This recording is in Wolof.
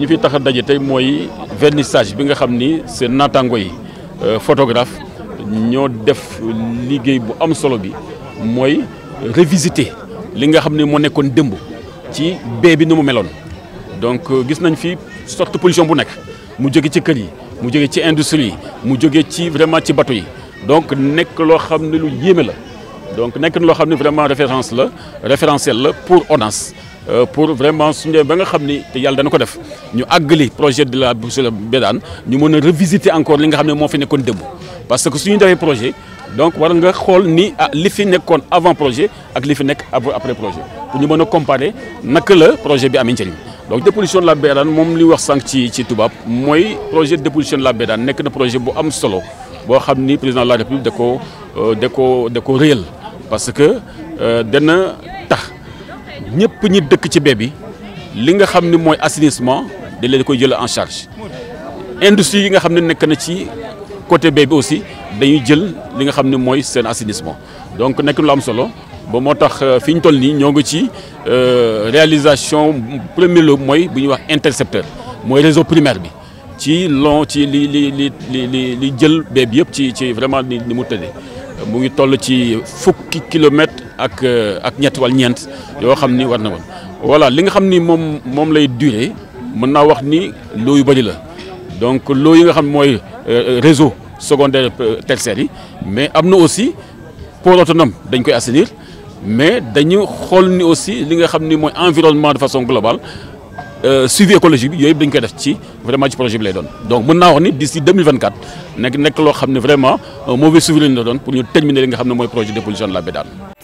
li fi tax a daje tey vernissage bi nga xamni ni seen yi euh, photographe ño def liguey bu am solo bi moy revisiter li nga xamni mo nekkone nekkoon ci bé bi numu melone donc euh, gis nañ fi sorte pollution bu nek mu jóge ci kër yi mu jóge ci industrie yi mu jóge ci vraiment ci bateau yi donc nek lo xamni lu yéeme la donc nek lo xamni vraiment référence la référentiel la pour ONAS. Euh, pour vraiment sunde ba nga xamni ni te yàlla dana ko def ñu àggali projet de la Bourse Béthane ñu mëna revisiter encore li nga xamni mo fi nekkoon démb parce que suñu defee projet donc war nga xol ni ah, li fi nekkoon avant projet ak li fi nekk après projet pour ñu mëna comparer nak la projet bi amee donc dépollution de la bédane mom li wax sank ci ci tubaab mooy projet dépollution de la bédane nekk na projet bu am solo bo xamni président de la république de ko euh, de ko de ko réel parce que euh, dana ñëpp ñi dëkk ci bébé, bi li nga xamni moy assainissement de leen koy jël en charge industrie yi nga xamni nek na ci côté bébé aussi dañuy jël li nga xamni moy sen assainissement donc nek lu am solo ba motax tax euh, toll ni ñoo ngi ci euh, réalisation premier lo Moy bu wax intercepteur Moy réseau primaire bi ci long ci li li li li li jël bébé bi ci ci vraiment ni mu tëddee mu ngi toll ci fukki kilomètres ak euh, ak ñett wala ñeent yoo xam ni war na woon voilà li nga xam ni moom moom lay duré mën naa wax ni loo yu la donc loo yi nga xam mooy euh, réseau secondaire euh, tertiaire yi mais am aussi port autonome dañ koy assainir mais dañu xool ni aussi li nga xam ni environnement de façon globale suivi écologique bi yooyu dañ koy def ci vraiment ci projet bi lay doon donc mën naa wax ni d'ici 2024 nekk nekk loo xam vraiment mauvais souvenir la doon pour ñu terminer li nga xam ne projet de dépollution de la Bédane